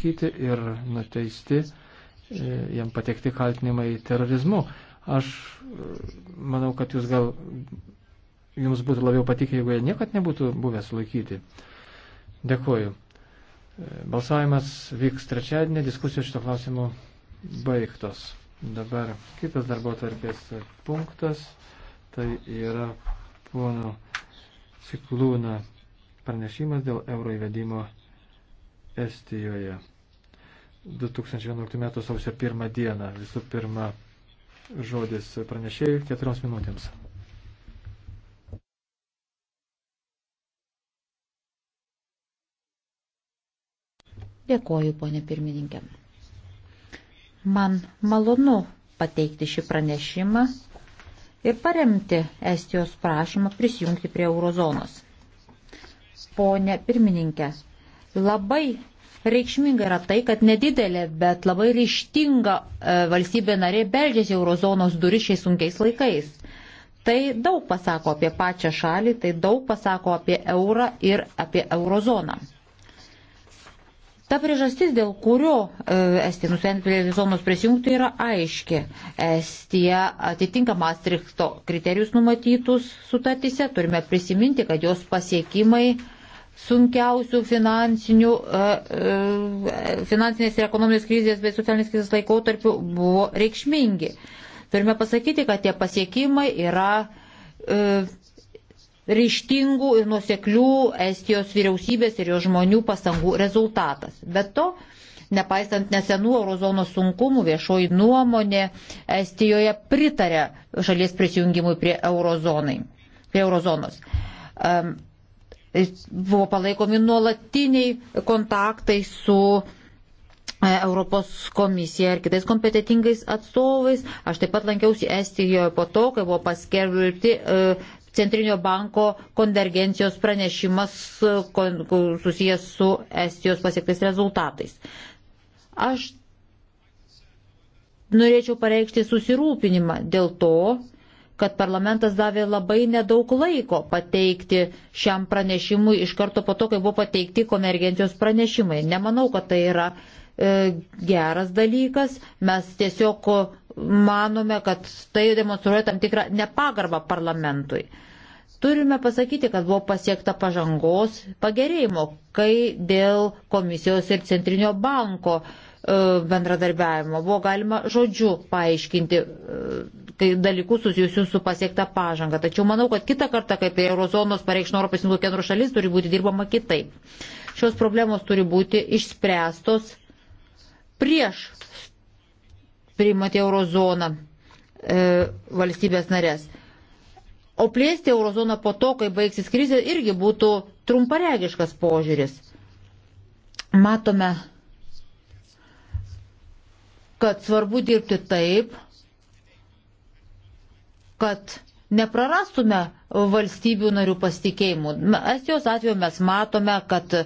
sulaikyti ir nuteisti, e, jam patekti kaltinimai terorizmu. Aš e, manau, kad jūs gal, jums būtų labiau patikę, jeigu jie niekad nebūtų buvę sulaikyti. Dėkuoju. E, balsavimas vyks trečiadienį, diskusijos šito klausimu baigtos. Dabar kitas darbo tvarkės punktas, tai yra pono Ciklūna pranešimas dėl euro įvedimo Estijoje. 2011 m. sausio 1 dieną. Visų pirma, žodis pranešėjai keturioms minutėms. Dėkoju, ponė pirmininkė. Man malonu pateikti šį pranešimą ir paremti Estijos prašymą prisijungti prie eurozonos. Pone pirmininkė, labai Reikšminga yra tai, kad nedidelė, bet labai ryštinga e, valstybė narė beldžiasi eurozonos duris šiais sunkiais laikais. Tai daug pasako apie pačią šalį, tai daug pasako apie eurą ir apie eurozoną. Ta priežastis, dėl kurio e, Estija nusprendė prie vizonos prisijungti, yra aiški. Estija atitinka Maastrichto kriterijus numatytus sutartyse. Turime prisiminti, kad jos pasiekimai sunkiausių finansinių, e, e, finansinės ir ekonominės krizės bei socialinės krizės laikotarpių buvo reikšmingi. Turime pasakyti, kad tie pasiekimai yra e, ryštingų ir nuseklių Estijos vyriausybės ir jo žmonių pastangų rezultatas. Bet to, nepaisant nesenų eurozonos sunkumų, viešoji nuomonė Estijoje pritarė šalies prisijungimui prie, eurozonai, prie eurozonos. Um, E, buvo palaikomi nuolatiniai kontaktai su e, Europos komisija ir kitais kompetitingais atstovais. Aš taip pat lankiausi Estijoje po to, kai buvo paskelbti e, Centrinio banko konvergencijos pranešimas susijęs su Estijos pasiektais rezultatais. Aš norėčiau pareikšti susirūpinimą dėl to, kad parlamentas davė labai nedaug laiko pateikti šiam pranešimui iš karto po to, kai buvo pateikti konvergencijos pranešimai. Nemanau, kad tai yra e, geras dalykas. Mes tiesiog manome, kad tai demonstruoja tam tikrą nepagarbą parlamentui. Turime pasakyti, kad buvo pasiekta pažangos pagerėjimo, kai dėl komisijos ir centrinio banko e, E, bendradarbiavimo. Buvo galima žodžiu paaiškinti e, dalykus susijusius su pasiekta pažanga. Tačiau manau, kad kitą kartą, kai tai eurozonos pareikšno Europos Sąjungos šalis, turi būti dirbama kitaip. Šios problemos turi būti išspręstos prieš priimant eurozoną e, valstybės narės. O plėsti eurozoną po to, kai baigsis krizė, irgi būtų trumparegiškas požiūris. Matome kad svarbu dirbti taip, kad neprarastume valstybių narių pasitikėjimų. Estijos atveju mes matome, kad e,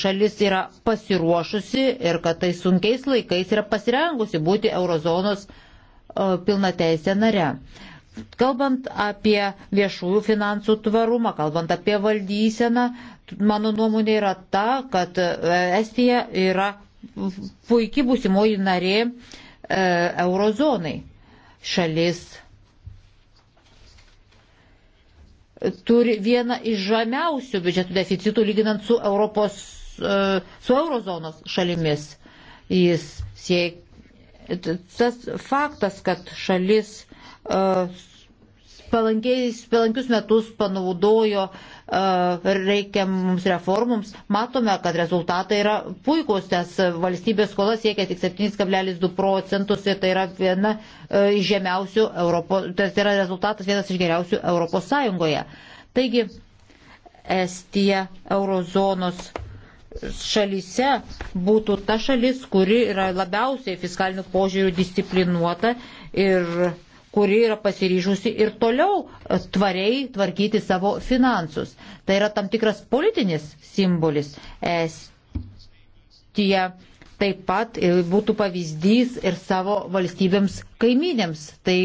šalis yra pasiruošusi ir kad tai sunkiais laikais yra pasirengusi būti eurozonos e, pilna teisė nare. Kalbant apie viešųjų finansų tvarumą, kalbant apie valdyseną, mano nuomonė yra ta, kad e, Estija yra puikiai būsimoji narė e, eurozonai. Šalis turi vieną iš žemiausių biudžetų deficitų lyginant su, Europos, e, su eurozonos šalimis. Jis siek, tas faktas, kad šalis e, palankius metus panaudojo e, E, reikiamums reformums, matome, kad rezultatai yra puikūs, nes valstybės skola siekia tik 7,2 procentus ir tai yra viena e, iš žemiausių Europos, tai, tai yra rezultatas vienas iš geriausių Europos Sąjungoje. Taigi, Estija eurozonos šalyse būtų ta šalis, kuri yra labiausiai fiskalinių požiūrių disciplinuota ir kuri yra pasiryžusi ir toliau e, tvariai tvarkyti savo finansus. Tai yra tam tikras politinis simbolis. Estija taip pat e, būtų pavyzdys ir savo valstybėms kaiminėms. Tai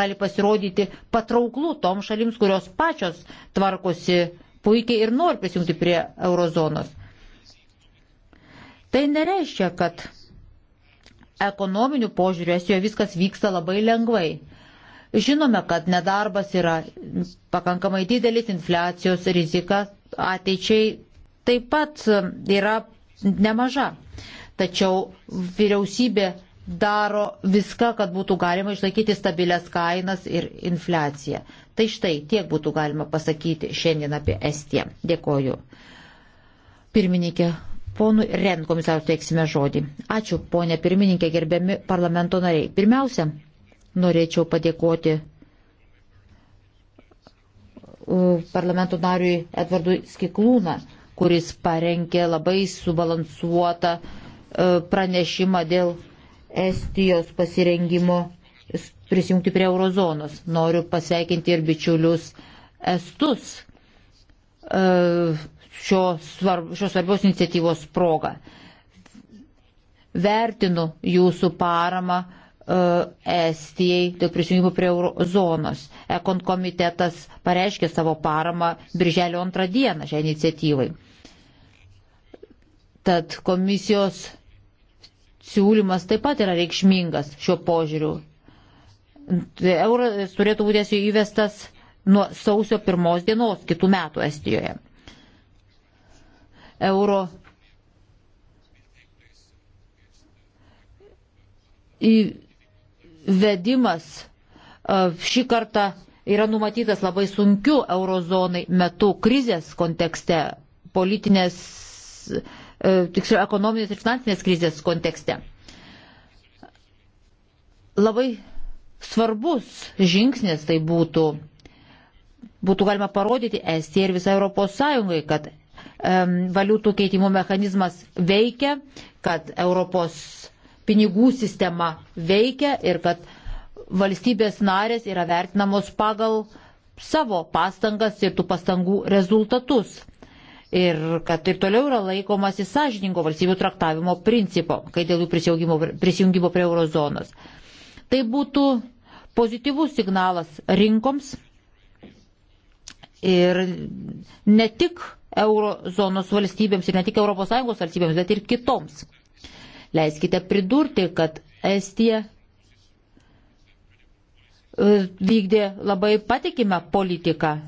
gali pasirodyti patrauklų tom šalims, kurios pačios tvarkosi puikiai ir nori prisijungti prie eurozonos. Tai nereiškia, kad ekonominių požiūrių Estijoje viskas vyksta labai lengvai. Žinome, kad nedarbas yra pakankamai didelis, infliacijos rizika ateičiai taip pat um, yra nemaža. Tačiau vyriausybė daro viską, kad būtų galima išlaikyti stabilės kainas ir infliaciją. Tai štai tiek būtų galima pasakyti šiandien apie Estiją. Dėkoju. Pirmininkė, ponui Ren komisarui teiksime žodį. Ačiū, ponė pirmininkė, gerbiami parlamento nariai. Pirmiausia, norėčiau padėkoti parlamento nariui Edvardui Skiklūną, kuris parengė labai subalansuotą e, pranešimą dėl Estijos pasirengimo prisijungti prie eurozonos. Noriu pasveikinti ir bičiulius Estus e, šios svarb, šio svarbios iniciatyvos proga. Vertinu jūsų paramą Estijai dėl prisijungimo prie eurozonos. Ekon komitetas pareiškė savo paramą birželio antrą dieną šią iniciatyvai. Tad komisijos siūlymas taip pat yra reikšmingas šiuo požiūriu. Euras turėtų būti įvestas nuo sausio pirmos dienos kitų metų Estijoje. Euro į vedimas šį kartą yra numatytas labai sunkiu eurozonai metu krizės kontekste, politinės, e, tiksliau, ekonominės ir finansinės krizės kontekste. Labai svarbus žingsnis tai būtų, būtų galima parodyti Estijai ir visai Europos Sąjungai, kad um, valiutų keitimo mechanizmas veikia, kad Europos pinigų sistema veikia ir kad valstybės narės yra vertinamos pagal savo pastangas ir tų pastangų rezultatus. Ir kad ir toliau yra laikomasi sąžininko valstybių traktavimo principo, kai dėl jų prisijungimo prie eurozonos. Tai būtų pozityvus signalas rinkoms ir ne tik eurozonos valstybėms ir ne tik ES valstybėms, bet ir kitoms. Leiskite pridurti, kad Estija e, vykdė labai patikimą politiką, e,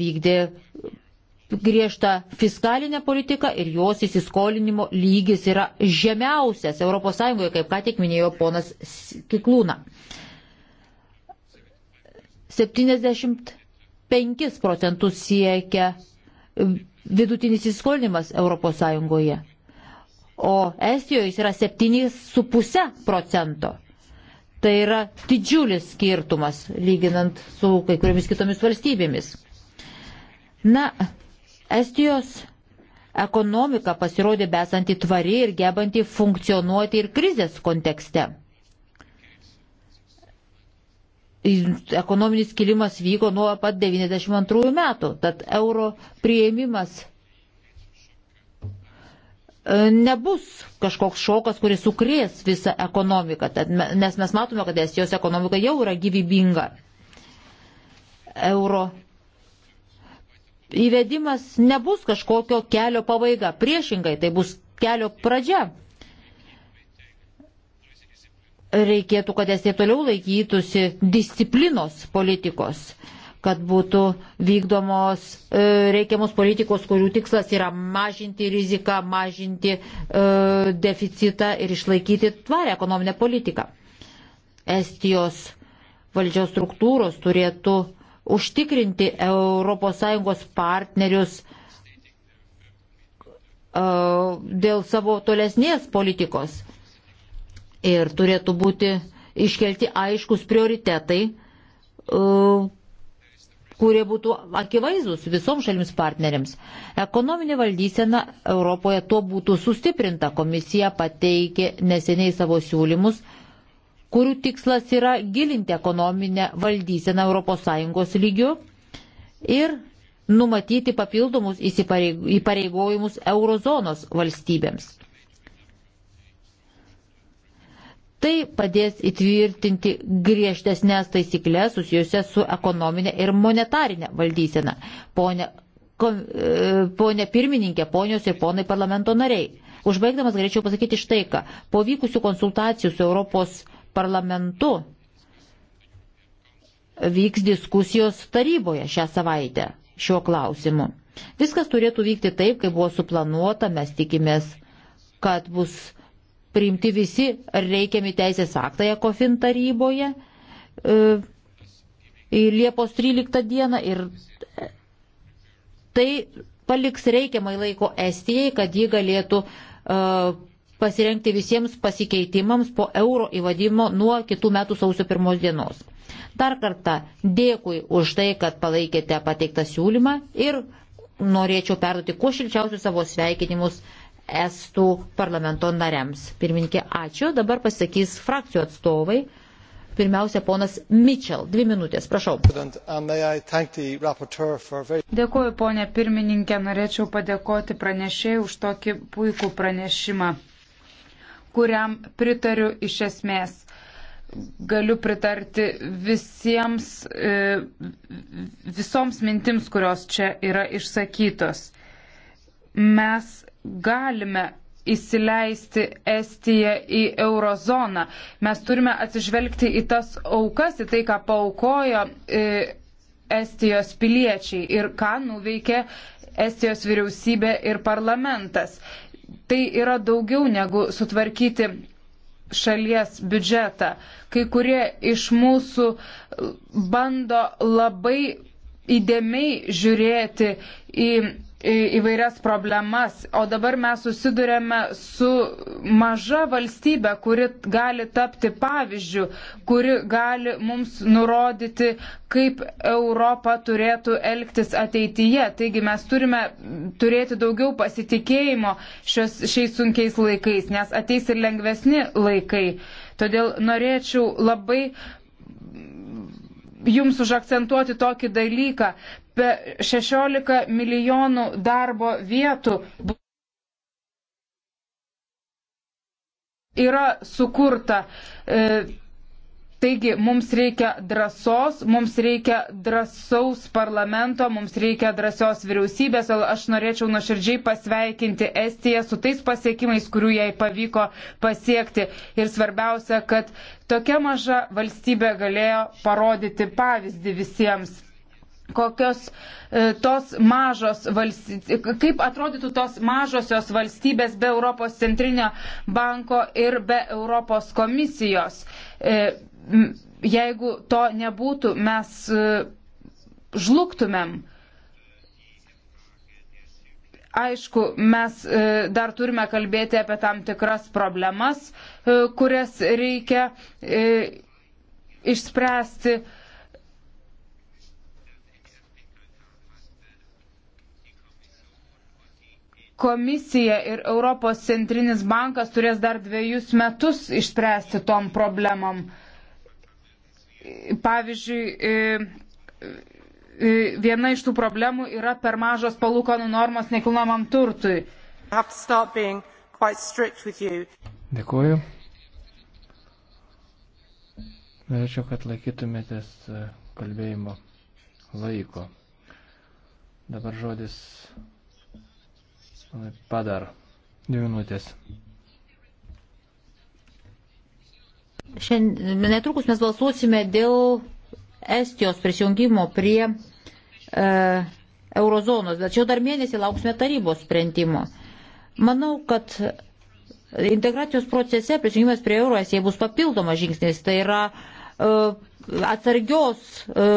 vykdė griežtą fiskalinę politiką ir jos įsiskolinimo lygis yra žemiausias ES, kaip ką tik minėjo ponas Kiklūna. 75 procentus siekia e, vidutinis įsiskolinimas ES o Estijoje jis yra 7,5 procento. Tai yra didžiulis skirtumas lyginant su kai kuriomis kitomis valstybėmis. Na, Estijos ekonomika pasirodė besanti tvari ir gebanti funkcionuoti ir krizės kontekste. Ekonominis kilimas vyko nuo pat 92 metų, tad euro prieimimas E, nebus kažkoks šokas, kuris sukrės visą ekonomiką, Tad, nes mes matome, kad Estijos ekonomika jau yra gyvybinga. Euro įvedimas nebus kažkokio kelio pabaiga, priešingai tai bus kelio pradžia. Reikėtų, kad Estija toliau laikytųsi disciplinos politikos kad būtų vykdomos e, reikiamos politikos, kurių tikslas yra mažinti riziką, mažinti e, deficitą ir išlaikyti tvarę ekonominę politiką. Estijos valdžios struktūros turėtų užtikrinti ES partnerius e, dėl savo tolesnės politikos ir turėtų būti iškelti aiškus prioritetai, kurie būtų akivaizdus visoms šalims partneriams. Ekonominė valdysena Europoje tuo būtų sustiprinta. Komisija pateikė neseniai savo siūlymus, kurių tikslas yra gilinti ekonominę valdyseną ES lygiu ir numatyti papildomus įpareigojimus eurozonos valstybėms. Tai padės įtvirtinti griežtesnės taisyklės susijusias su ekonominė ir monetarinė valdysena. Pone, kom, e, pone pirmininkė, ponios ir ponai parlamento nariai. Užbaigdamas galėčiau pasakyti štai ką. Po vykusių konsultacijų su Europos parlamentu vyks diskusijos taryboje šią savaitę šiuo klausimu. Viskas turėtų vykti taip, kaip buvo suplanuota, mes tikimės, kad bus priimti visi reikiami teisės aktai ECOFIN taryboje e, Liepos 13 dieną ir tai paliks reikiamai laiko Estijai, kad ji galėtų e, pasirengti visiems pasikeitimams po euro įvadimo nuo kitų metų sausio pirmos dienos. Dar kartą dėkui už tai, kad palaikėte pateiktą siūlymą ir norėčiau perduoti kuo šilčiausius savo sveikinimus estų parlamento nariams. Pirmininkė, ačiū. Dabar pasakys frakcijų atstovai. Pirmiausia, ponas Mitchell. Dvi minutės, prašau. Dėkuoju, ponė pirmininkė. Norėčiau padėkoti pranešėjai už tokį puikų pranešimą, kuriam pritariu iš esmės galiu pritarti visiems, e, visoms mintims, kurios čia yra išsakytos. Mes galime įsileisti Estiją į eurozoną. Mes turime atsižvelgti į tas aukas, į tai, ką paukojo e, Estijos piliečiai ir ką nuveikė Estijos vyriausybė ir parlamentas. Tai yra daugiau negu sutvarkyti šalies biudžetą. Kai kurie iš mūsų bando labai įdėmiai žiūrėti į įvairias problemas, o dabar mes susidurėme su maža valstybė, kuri gali tapti pavyzdžių, kuri gali mums nurodyti, kaip Europa turėtų elgtis ateityje. Taigi mes turime turėti daugiau pasitikėjimo šios, šiais sunkiais laikais, nes ateis ir lengvesni laikai. Todėl norėčiau labai jums užakcentuoti tokį dalyką. Be 16 milijonų darbo vietų yra sukurta. E, Taigi mums reikia drąsos, mums reikia drąsaus parlamento, mums reikia drąsios vyriausybės, o aš norėčiau nuoširdžiai pasveikinti Estiją su tais pasiekimais, kurių jai pavyko pasiekti. Ir svarbiausia, kad tokia maža valstybė galėjo parodyti pavyzdį visiems kokios e, tos mažos valstybės, kaip atrodytų tos mažosios valstybės be Europos centrinio banko ir be Europos komisijos. E, jeigu to nebūtų, mes e, žlugtumėm. Aišku, mes e, dar turime kalbėti apie tam tikras problemas, e, kurias reikia išspręsti. Komisija ir Europos centrinis bankas turės dar dviejus metus išspręsti tom problemam. Uh, pavyzdžiui, e, e, viena iš tų problemų yra per mažos palūkanų normos nekilnojamam turtui. Dėkuoju. Norėčiau, kad laikytumėtės e, kalbėjimo laiko. Dabar žodis padar. Dvi minutės. Šiandien netrukus mes balsuosime dėl Estijos prisijungimo prie e, eurozonos, tačiau dar mėnesį lauksime tarybos sprendimo. Manau, kad integracijos procese prisijungimas prie euro Estijai bus papildomas žingsnis, tai yra e, atsargios e,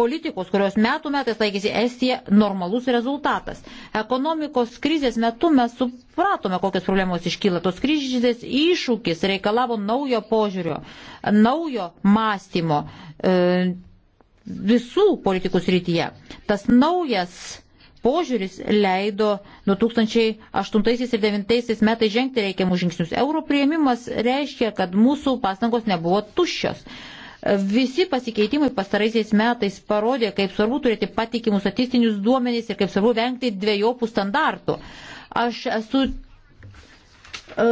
politikos, kurios metų metais laikėsi Estija, normalus rezultatas. Ekonomikos krizės metu mes supratome, kokios problemos iškyla. Tos krizės iššūkis reikalavo naujo požiūrio, naujo mąstymo e, visų politikų srityje. Tas naujas požiūris leido 2008 ir 2009 metais žengti reikiamus žingsnius. Euro prieimimas reiškia, kad mūsų pastangos nebuvo tuščios. Visi pasikeitimai pastaraisiais metais parodė, kaip svarbu turėti patikimus statistinius duomenys ir kaip svarbu vengti dviejopų standartų. Aš esu, e,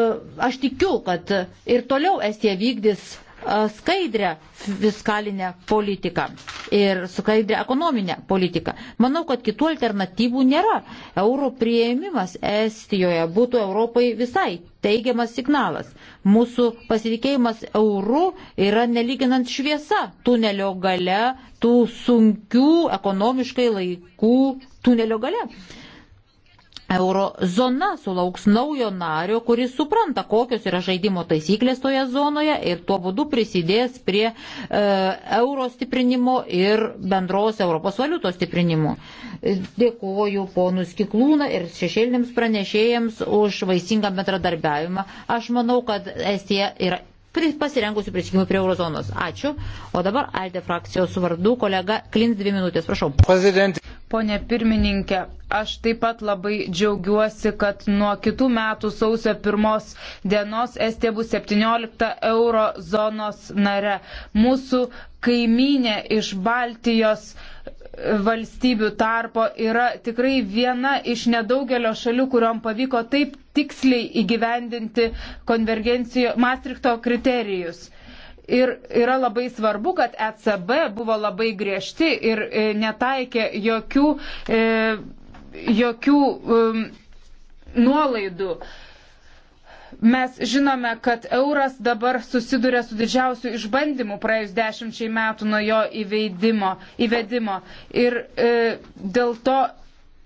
aš tikiu, kad ir toliau Estija vykdys skaidrę fiskalinę politiką ir skaidrę ekonominę politiką. Manau, kad kitų alternatyvų nėra. Euro prieimimas Estijoje būtų Europai visai teigiamas signalas. Mūsų pasitikėjimas eurų yra neliginant šviesa tunelio gale, tų sunkių ekonomiškai laikų tunelio gale. Eurozona sulauks naujo nario, kuris supranta, kokios yra žaidimo taisyklės toje zonoje ir tuo būdu prisidės prie e, euro stiprinimo ir bendros Europos valiutos stiprinimo. Dėkuoju ponus Kiklūną ir šešėlinėms pranešėjams už vaisingą bendradarbiavimą. Aš manau, kad Estija yra pasirengusių prisikimų prie eurozonos. Ačiū. O dabar Alde frakcijos vardu kolega Klins dvi minutės, prašau. President. Pone pirmininkė, aš taip pat labai džiaugiuosi, kad nuo kitų metų sausio pirmos dienos Estija bus 17 eurozonos nare. Mūsų kaimynė iš Baltijos valstybių tarpo yra tikrai viena iš nedaugelio šalių, kuriuom pavyko taip tiksliai įgyvendinti Maastrichto kriterijus. Ir yra labai svarbu, kad ECB buvo labai griežti ir e, netaikė jokių, e, jokių um, nuolaidų. Mes žinome, kad euras dabar susiduria su didžiausiu išbandymu praėjus dešimčiai metų nuo jo įveidimo, įvedimo. Ir e, dėl to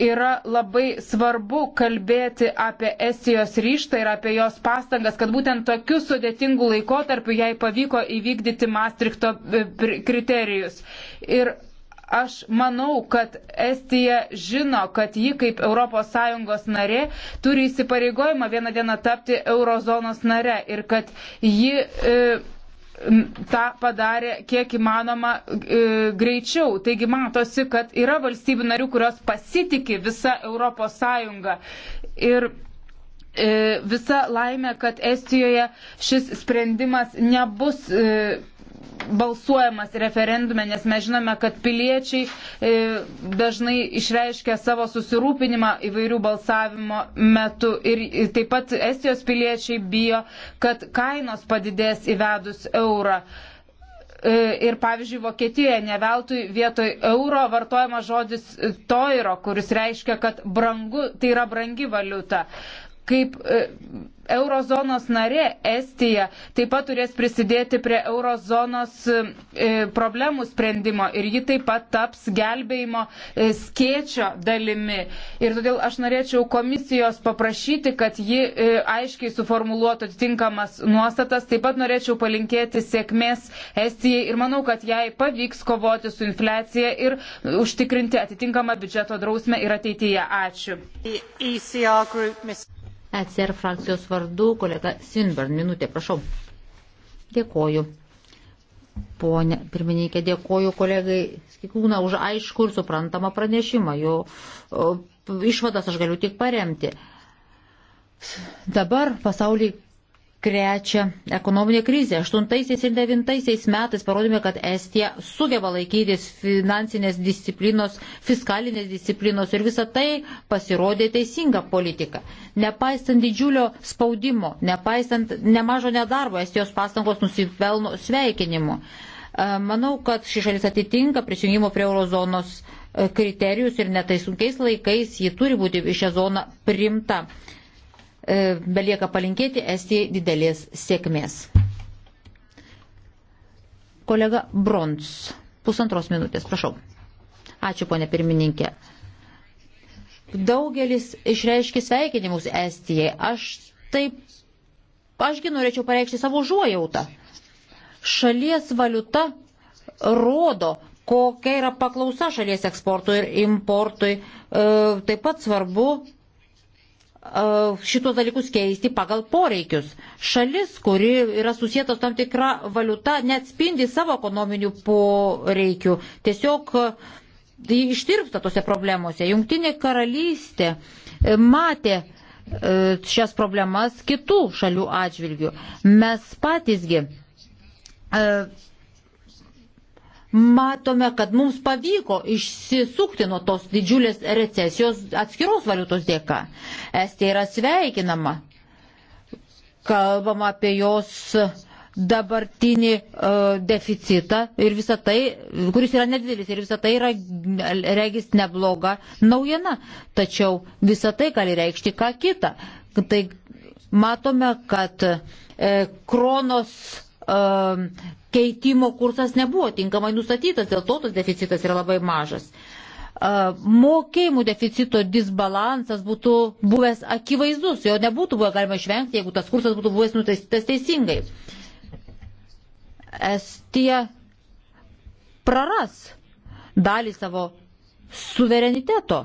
yra labai svarbu kalbėti apie Estijos ryštą ir apie jos pastangas, kad būtent tokiu sudėtingu laikotarpiu jai pavyko įvykdyti Maastrichto e, kriterijus. Ir Aš manau, kad Estija žino, kad ji kaip ES narė turi įsipareigojimą vieną dieną tapti eurozonos nare ir kad ji e, tą padarė kiek įmanoma e, greičiau. Taigi matosi, kad yra valstybių narių, kurios pasitikė visą ES. Ir e, visa laimė, kad Estijoje šis sprendimas nebus. E, balsuojamas referendume, nes mes žinome, kad piliečiai e, dažnai išreiškia savo susirūpinimą įvairių balsavimo metu. Ir taip pat Estijos piliečiai bijo, kad kainos padidės įvedus eurą. E, ir pavyzdžiui, Vokietijoje neveltui vietoj euro vartojama žodis toiro, kuris reiškia, kad brangu, tai yra brangi valiuta kaip e, eurozonos narė Estija taip pat turės prisidėti prie eurozonos e, e, problemų sprendimo ir ji taip pat taps gelbėjimo skėčio dalimi. Ir todėl aš norėčiau komisijos paprašyti, kad ji aiškiai suformuluotų atitinkamas nuostatas. Taip pat norėčiau palinkėti sėkmės Estijai ir manau, kad jai pavyks kovoti su infliacija ir užtikrinti atitinkamą biudžeto drausmę ir ateityje. Ačiū. ECR group, Ms. ECR frakcijos vardu kolega Sinburn. Minutė, prašau. Dėkoju. Pone pirmininkė, dėkoju kolegai Skikūna už aišku ir suprantamą pranešimą. Jo išvadas aš galiu tik paremti. Dabar pasaulyje krečia ekonominė krizė. Aštuntaisiais ir devintaisiais metais parodėme, kad Estija sugeba laikytis finansinės disciplinos, fiskalinės disciplinos ir visa tai pasirodė teisinga politika. Nepaisant didžiulio spaudimo, nepaisant nemažo nedarbo, Estijos pastangos nusipelno sveikinimu. E, manau, kad ši šalis atitinka prisijungimo prie eurozonos e, kriterijus ir netai sunkiais laikais ji turi būti į šią zoną primta. E, belieka palinkėti Estijai didelės sėkmės. Kolega Brons, pusantros minutės, prašau. Ačiū, ponė pirmininkė. Daugelis išreiškia sveikinimus Estijai. Aš taip, ašgi norėčiau pareikšti savo žuojautą. Šalies valiuta rodo, kokia yra paklausa šalies eksportui ir importui. E, taip pat svarbu E, šitos dalykus keisti pagal poreikius. Šalis, kuri yra susijęta tam tikra valiuta, neatspindi savo ekonominių poreikių. Tiesiog e, ištirpsta tose problemose. Jungtinė karalystė e, matė šias problemas kitų šalių atžvilgių. Mes patysgi matome, kad mums pavyko išsisukti nuo tos didžiulės recesijos atskiros valiutos dėka. Estija yra sveikinama. Kalbama apie jos dabartinį uh, deficitą ir visą tai, kuris yra nedidelis ir visą tai yra regis nebloga naujiena. Tačiau visą tai gali reikšti ką kitą. Tai matome, kad uh, kronos Um, keitimo kursas nebuvo tinkamai nustatytas, dėl to tas deficitas yra labai mažas. Uh, mokėjimų deficito disbalansas būtų buvęs akivaizdus, jo nebūtų buvę galima išvengti, jeigu tas kursas būtų buvęs nutaisytas teisingai. Estija praras dalį savo suvereniteto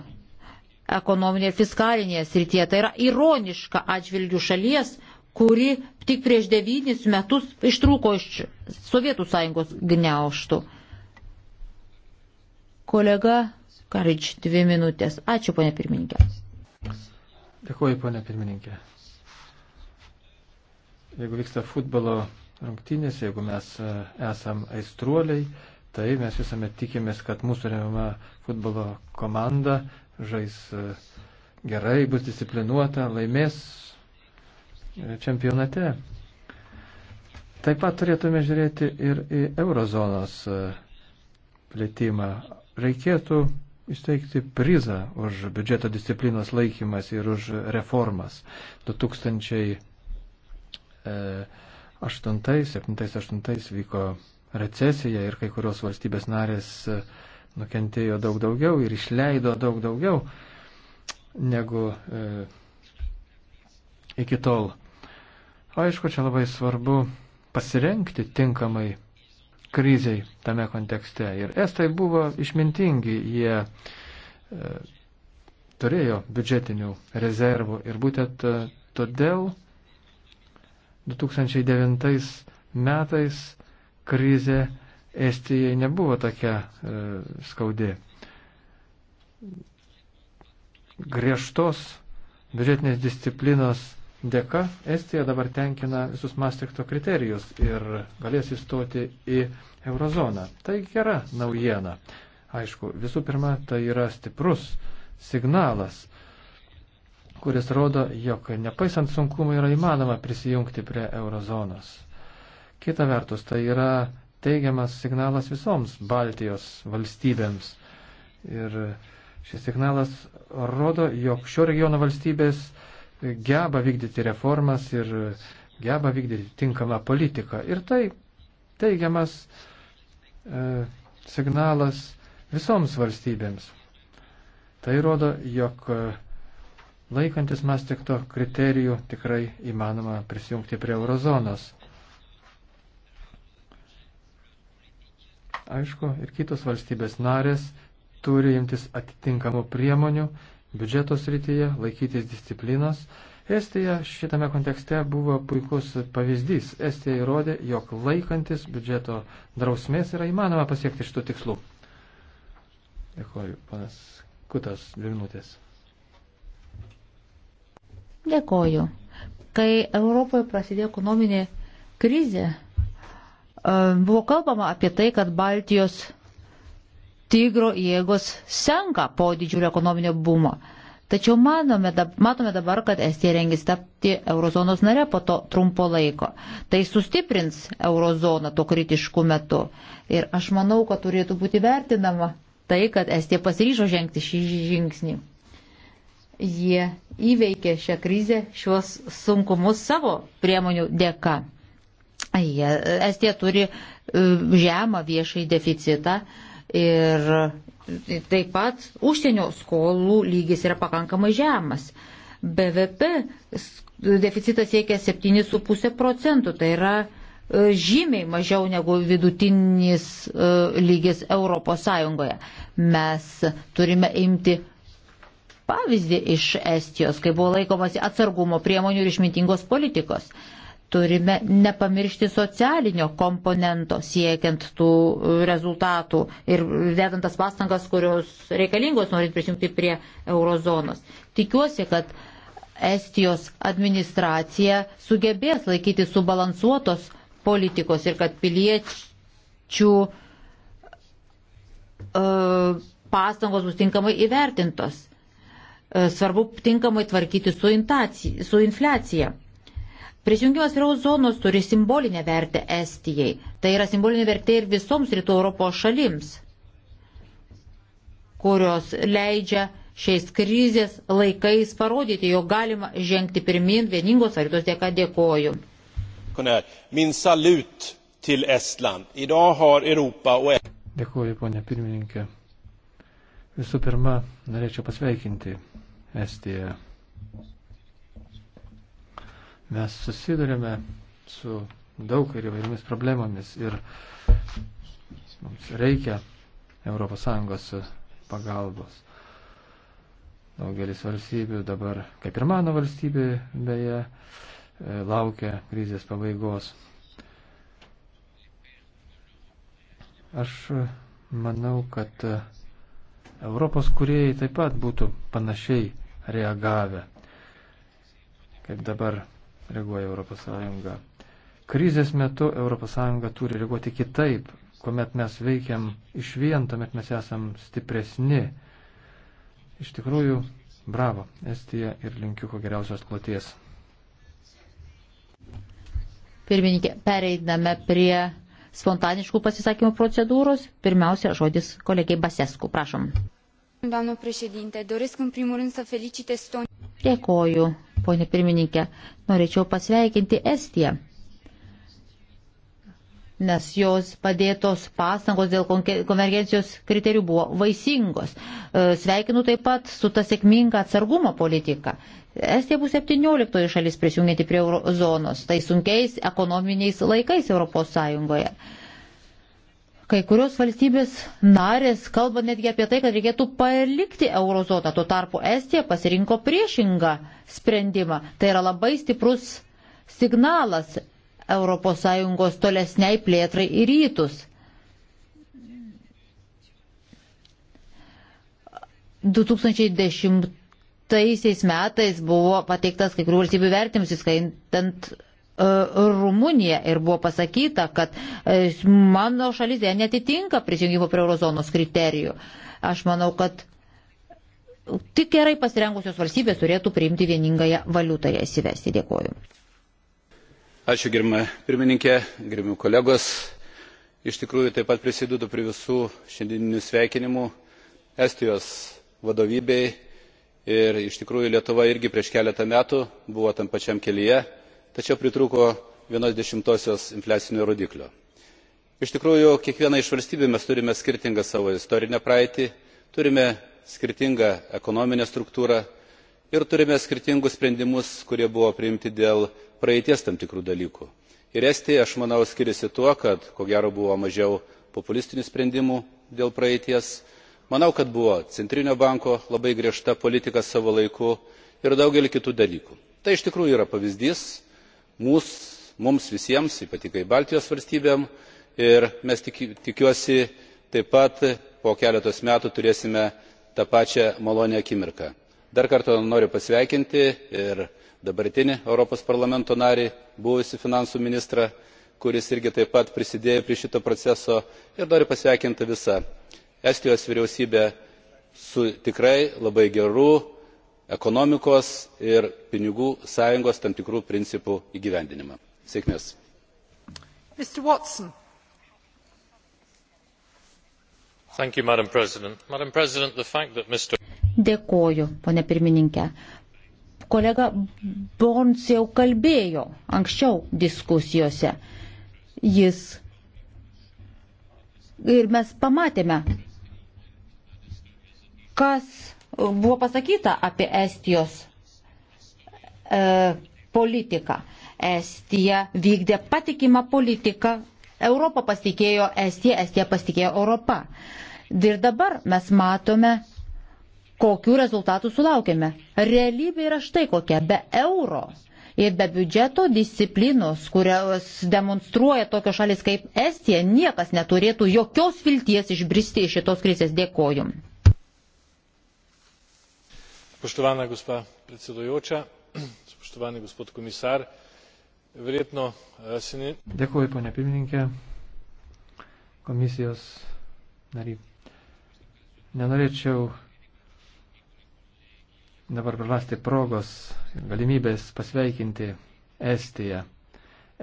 ekonominėje ir fiskalinėje srityje. Tai yra ironiška atžvilgių šalies, kuri tik prieš devynis metus ištrūko iš Sovietų sąjungos gniauštų. Kolega Karič, dvi minutės. Ačiū, ponė pirmininkė. Dėkuoju, ponė pirmininkė. Jeigu vyksta futbolo rungtynės, jeigu mes e, esam aistruoliai, tai mes visuomet tikimės, kad mūsų remiama futbolo komanda žais e, gerai, bus disciplinuota, laimės čempionate. Taip pat turėtume žiūrėti ir į eurozonos e, plėtimą. Reikėtų įsteigti prizą už biudžeto disciplinos laikymas ir už reformas. 2008-2008 e, vyko recesija ir kai kurios valstybės narės e, nukentėjo daug daugiau ir išleido daug daugiau negu e, iki tol. Aišku, čia labai svarbu pasirenkti tinkamai kriziai tame kontekste. Ir estai buvo išmintingi, jie e, turėjo biudžetinių rezervų ir būtent e, todėl 2009 metais krizė Estijai nebuvo tokia e, skaudi. Griežtos biudžetinės disciplinos dėka Estija dabar tenkina visus Maastrichto kriterijus ir galės įstoti į eurozoną. Tai gera naujiena. Aišku, visų pirma, tai yra stiprus signalas, kuris rodo, jog nepaisant sunkumų yra įmanoma prisijungti prie eurozonos. Kita vertus, tai yra teigiamas signalas visoms Baltijos valstybėms. Ir šis signalas rodo, jog šio regiono valstybės geba vykdyti reformas ir geba vykdyti tinkamą politiką. Ir tai teigiamas e, signalas visoms valstybėms. Tai rodo, jog e, laikantis mastikto kriterijų tikrai įmanoma prisijungti prie eurozonos. Aišku, ir kitos valstybės narės turi imtis atitinkamų priemonių, biudžeto srityje, laikytis disciplinos. Estija šitame kontekste buvo puikus pavyzdys. Estija įrodė, jog laikantis biudžeto drausmės yra įmanoma pasiekti šitų tikslų. Dėkuoju, panas Kutas, dvi minutės. Dėkoju. Kai Europoje prasidėjo ekonominė krizė, e, buvo kalbama apie tai, kad Baltijos tigro jėgos senka po didžiulio ekonominio bumo. Tačiau manome, matome dabar, kad Estija rengis tapti eurozonos nare po to trumpo laiko. Tai sustiprins eurozoną tuo kritišku metu. Ir aš manau, kad turėtų būti vertinama tai, kad Estija pasiryžo žengti šį žingsnį. Jie įveikė šią krizę, šiuos sunkumus savo priemonių dėka. Jie, Estija turi e, žemą viešai deficitą Ir taip pat užsienio skolų lygis yra pakankamai žemas. BVP deficitas siekia 7,5 procentų, tai yra e, žymiai mažiau negu vidutinis e, lygis Europos Sąjungoje. Mes turime imti pavyzdį iš Estijos, kai buvo laikomasi atsargumo priemonių ir išmintingos politikos turime nepamiršti socialinio komponento siekiant tų e, rezultatų ir dedant tas pastangas, kurios reikalingos norint prisijungti prie eurozonos. Tikiuosi, kad Estijos administracija sugebės laikyti subalansuotos politikos ir kad piliečių e, pastangos bus tinkamai įvertintos. E, svarbu tinkamai tvarkyti su infliacija Prisijungimas prie eurozonos turi simbolinę vertę Estijai. Tai yra simbolinė vertė ir visoms rytų Europos šalims, kurios leidžia šiais krizės laikais parodyti, jog galima žengti pirmin vieningos varytos dėka dėkoju. Dėkuoju, ponė pirmininkė. Visų pirma, norėčiau pasveikinti Estiją Mes susidurime su daug ir įvairiomis problemomis ir mums reikia ES pagalbos. Daugelis valstybių dabar, kaip ir mano valstybė, beje, e, laukia krizės pabaigos. Aš manau, kad Europos kuriejai taip pat būtų panašiai reagavę, kaip dabar reaguoja ES. Krizės metu ES turi reaguoti kitaip. Kuomet mes veikiam iš vien, tuomet mes esam stipresni. Iš tikrųjų, bravo Estija ir linkiu ko geriausios kloties. Pirmininkė, pereidame prie spontaniškų pasisakymų procedūros. Pirmiausia, žodis kolegiai Basesku. Prašom. Doamnă președinte, doresc în primul rând să felicit Estonia. Dėkoju, ponė pirmininkė. Norėčiau pasveikinti Estiją, nes jos padėtos pastangos dėl konvergencijos kriterijų buvo vaisingos. E, sveikinu taip pat su ta sėkminga atsargumo politika. Estija bus 17 šalis prisijungianti prie eurozonos, tai sunkiais ekonominiais laikais Europos Sąjungoje. Kai kurios valstybės narės kalba netgi apie tai, kad reikėtų palikti eurozoną. Tuo tarpu Estija pasirinko priešingą sprendimą. Tai yra labai stiprus signalas ES tolesniai plėtrai į rytus. 2010 metais buvo pateiktas kai kurių valstybių vertims, įskaitant E, Rumuniją ir buvo pasakyta, kad e, mano šalis jie netitinka prisijungimo prie eurozonos kriterijų. Aš manau, kad tik gerai pasirengusios valstybės turėtų priimti vieningąją valiutą ją įsivesti. Dėkuoju. Ačiū, gerbime pirmininkė, gerbimi kolegos. Iš tikrųjų, taip pat prisidedu prie visų šiandieninių sveikinimų Estijos vadovybei ir iš tikrųjų Lietuva irgi prieš keletą metų buvo tam pačiam kelyje tačiau pritrūko viena dešimtosios infliacinio rodiklio. iš tikrųjų kiekviena iš valstybių mes turime skirtingą savo istorinę praeitį turime skirtingą ekonominę struktūrą ir turime skirtingus sprendimus kurie buvo priimti dėl praeities tam tikrų dalykų. ir estija aš manau skiriasi tuo kad ko gero buvo mažiau populistinių sprendimų dėl praeities manau kad buvo centrinio banko labai griežta politika savo laiku ir daugelį kitų dalykų. tai iš tikrųjų yra pavyzdys mūs, mums visiems, ypatingai Baltijos valstybėm. Ir mes tik, tikiuosi taip pat po keletos metų turėsime tą pačią malonę akimirką. Dar kartą noriu pasveikinti ir dabartinį Europos parlamento narį, buvusi finansų ministrą, kuris irgi taip pat prisidėjo prie šito proceso ir noriu pasveikinti visą Estijos vyriausybę su tikrai labai geru ekonomikos ir pinigų sąjungos tam tikrų principų įgyvendinimą. sėkmės! Dėkoju, ponė pirmininkė. Kolega Bons jau kalbėjo anksčiau diskusijose. Jis ir mes pamatėme, kas buvo pasakyta apie Estijos e, politiką. Estija vykdė patikimą politiką, Europą pasitikėjo Estija, Estija pasitikėjo Europą. Ir dabar mes matome, kokiu rezultatu sulaukėme. Realybė yra štai kokia, be euro ir be biudžeto disciplinos, kurios demonstruoja tokios šalis kaip Estija, niekas neturėtų jokios vilties išbristi iš šitos krizės. Dėkoju spoštovana gospa predsedujoča spoštovani gospod komisar verjetno eh, se ne. dėkoju pone pirmininke komisijos nary nenorėčiau dabar prarasti progos ir galimybės pasveikinti estiją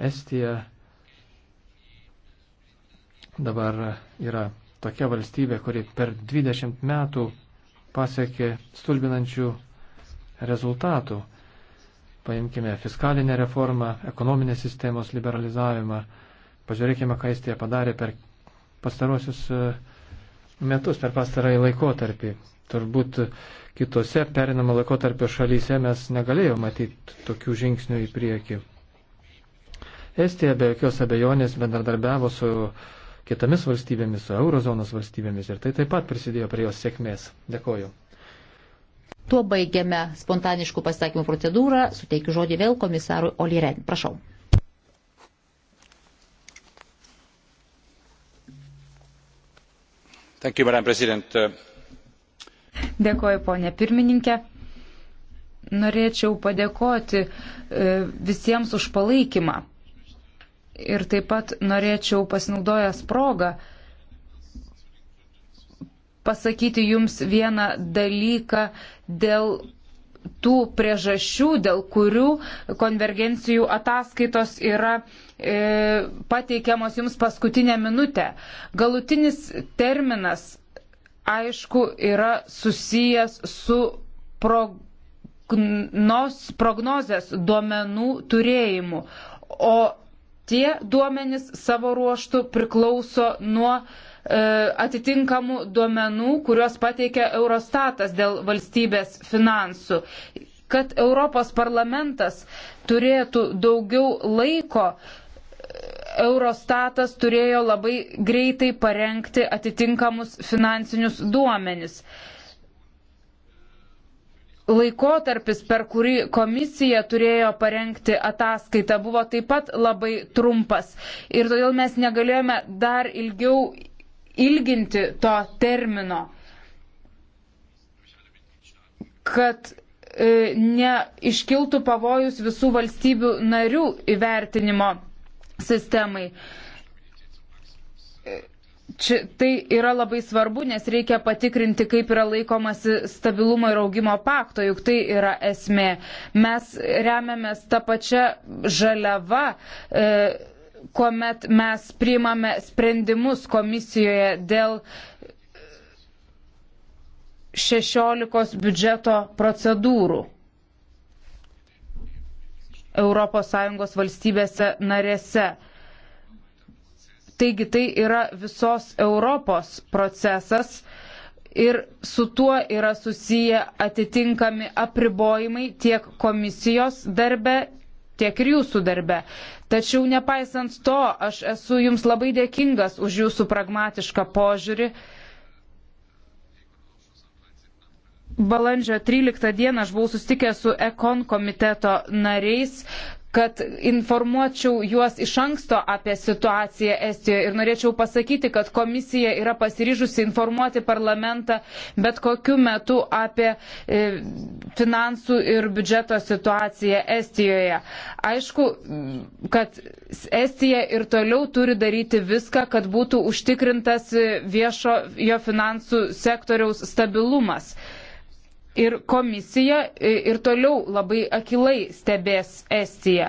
estija dabar eh, yra tokia valstybė kuri per dvidešimt metų pasiekė stulbinančių rezultatų. Paimkime fiskalinę reformą, ekonominės sistemos liberalizavimą. Pažiūrėkime, ką jis tie padarė per pastarosius e, metus, per pastarąjį laikotarpį. Turbūt kitose perinamo laikotarpio šalyse mes negalėjome matyti tokių žingsnių į priekį. Estija be jokios abejonės bendradarbiavo su kitomis valstybėmis, su eurozonos valstybėmis ir tai taip pat prisidėjo prie jos sėkmės. Dėkoju. Tuo baigiame spontaniškų pasakymų procedūrą. Suteikiu žodį vėl komisarui Oliren. Prašau. You, Dėkoju, ponė pirmininkė. Norėčiau padėkoti e, visiems už palaikymą. Ir taip pat norėčiau pasinaudojęs progą pasakyti jums vieną dalyką dėl tų priežasčių, dėl kurių konvergencijų ataskaitos yra e, pateikiamos jums paskutinę minutę. Galutinis terminas, aišku, yra susijęs su prognoz, prognozės duomenų turėjimu. O tie duomenys savo ruoštų priklauso nuo e, atitinkamų duomenų, kuriuos pateikia Eurostatas dėl valstybės finansų. Kad Europos parlamentas turėtų daugiau laiko, Eurostatas turėjo labai greitai parengti atitinkamus finansinius duomenis. E, laikotarpis, per kurį komisija turėjo parengti ataskaitą, buvo taip pat labai trumpas. Ir todėl mes negalėjome dar ilgiau ilginti to termino, kad e, neiškiltų pavojus visų valstybių narių įvertinimo sistemai. E, Čia, tai yra labai svarbu, nes reikia patikrinti, kaip yra laikomasi stabilumo ir augimo pakto, juk tai yra esmė. Mes remiamės tą pačią žaliavą. E, kuomet mes priimame sprendimus komisijoje dėl 16 biudžeto procedūrų ES valstybėse narėse. Taigi tai yra visos Europos procesas ir su tuo yra susiję atitinkami apribojimai tiek komisijos darbe, tiek ir jūsų darbe. Tačiau nepaisant to, aš esu jums labai dėkingas už jūsų pragmatišką požiūrį. Balandžio 13 dieną aš buvau sustikęs su Ekon komiteto nariais, kad informuočiau juos iš anksto apie situaciją Estijoje ir norėčiau pasakyti, kad komisija yra pasiryžusi informuoti parlamentą bet kokiu metu apie e, finansų ir biudžeto situaciją Estijoje. Aišku, kad Estija ir toliau turi daryti viską, kad būtų užtikrintas viešo jo finansų sektoriaus stabilumas ir komisija e, ir toliau labai akilai stebės Estiją.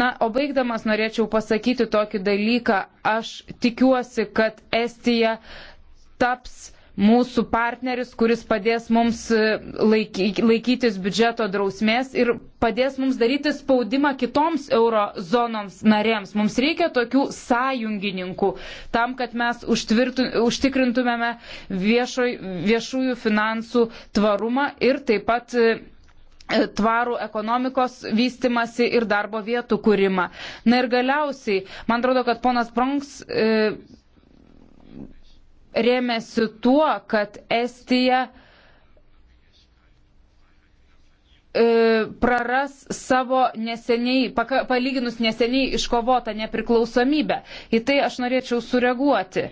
Na, o baigdamas norėčiau pasakyti tokį dalyką. Aš tikiuosi, kad Estija taps mūsų partneris, kuris padės mums e, laikytis biudžeto drausmės ir padės mums daryti spaudimą kitoms eurozonoms narėms. Mums reikia tokių sąjungininkų tam, kad mes užtikrintumėme viešoj, viešųjų finansų tvarumą ir taip pat e, e, tvarų ekonomikos vystimasi ir darbo vietų kūrimą. Na ir galiausiai, man atrodo, kad ponas Bronks. E, rėmėsi tuo, kad Estija e, praras savo neseniai, palyginus neseniai iškovotą nepriklausomybę. Į tai aš norėčiau sureaguoti.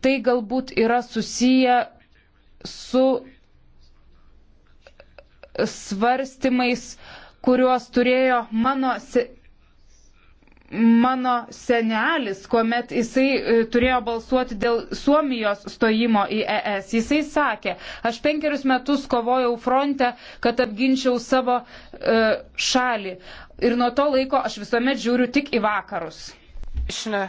Tai galbūt yra susiję su svarstymais, kuriuos turėjo mano mano senelis, kuomet jisai e, turėjo balsuoti dėl Suomijos stojimo į ES, jisai sakė, aš penkerius metus kovojau fronte, kad apginčiau savo e, šalį. Ir nuo to laiko aš visuomet žiūriu tik į vakarus. Uh,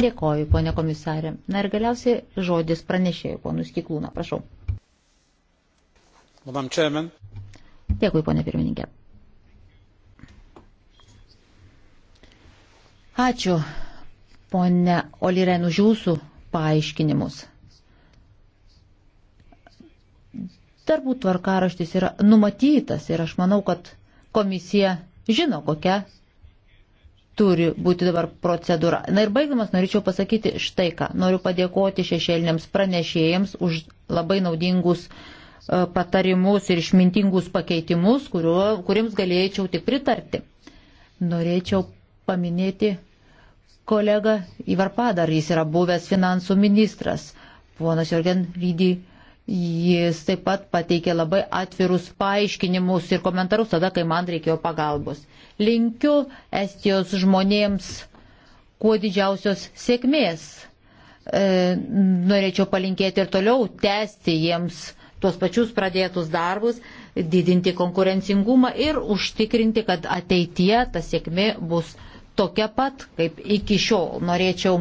Dėkoju, ponė komisarė. Na ir galiausiai žodis pranešėjų, ponus Kiklūną, prašau. Dėkui, ponė pirmininkė. Ačiū, ponė Oliren, už jūsų paaiškinimus. Darbų tvarkaraštis yra numatytas ir aš manau, kad komisija žino, kokia turi būti dabar procedūra. Na ir baigdamas norėčiau pasakyti štai ką. Noriu padėkoti šešėliniams pranešėjams už labai naudingus e, patarimus ir išmintingus pakeitimus, kuriuo, kuriems galėčiau tik pritarti. Norėčiau paminėti kolega Ivarpadar, jis yra buvęs finansų ministras. Ponas Jorgen Rydy, jis taip pat pateikė labai atvirus paaiškinimus ir komentarus tada, kai man reikėjo pagalbos. Linkiu Estijos žmonėms kuo didžiausios sėkmės. E, norėčiau palinkėti ir toliau tęsti jiems tuos pačius pradėtus darbus, didinti konkurencingumą ir užtikrinti, kad ateitie ta sėkmė bus tokia pat kaip iki šiol. Norėčiau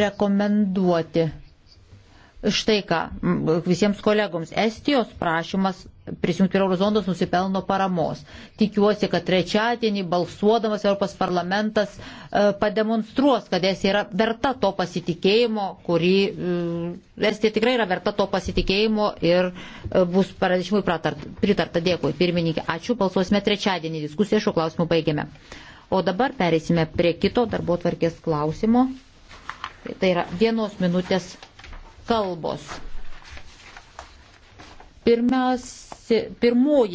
rekomenduoti štai ką visiems kolegoms. Estijos prašymas prisijungti prie Eurozonos nusipelno paramos. Tikiuosi, kad trečiadienį balsuodamas Europos parlamentas e, pademonstruos, kad Estija yra verta to pasitikėjimo, kuri e, Estija tikrai yra verta to pasitikėjimo ir e, bus pranešimui pritarta. Dėkui, pirmininkė. Ačiū, balsuosime trečiadienį. Diskusiją šiuo klausimu baigėme. O dabar pereisime prie kito darbo tvarkės klausimo. Tai yra vienos minutės kalbos. Pirmiausia, pirmoji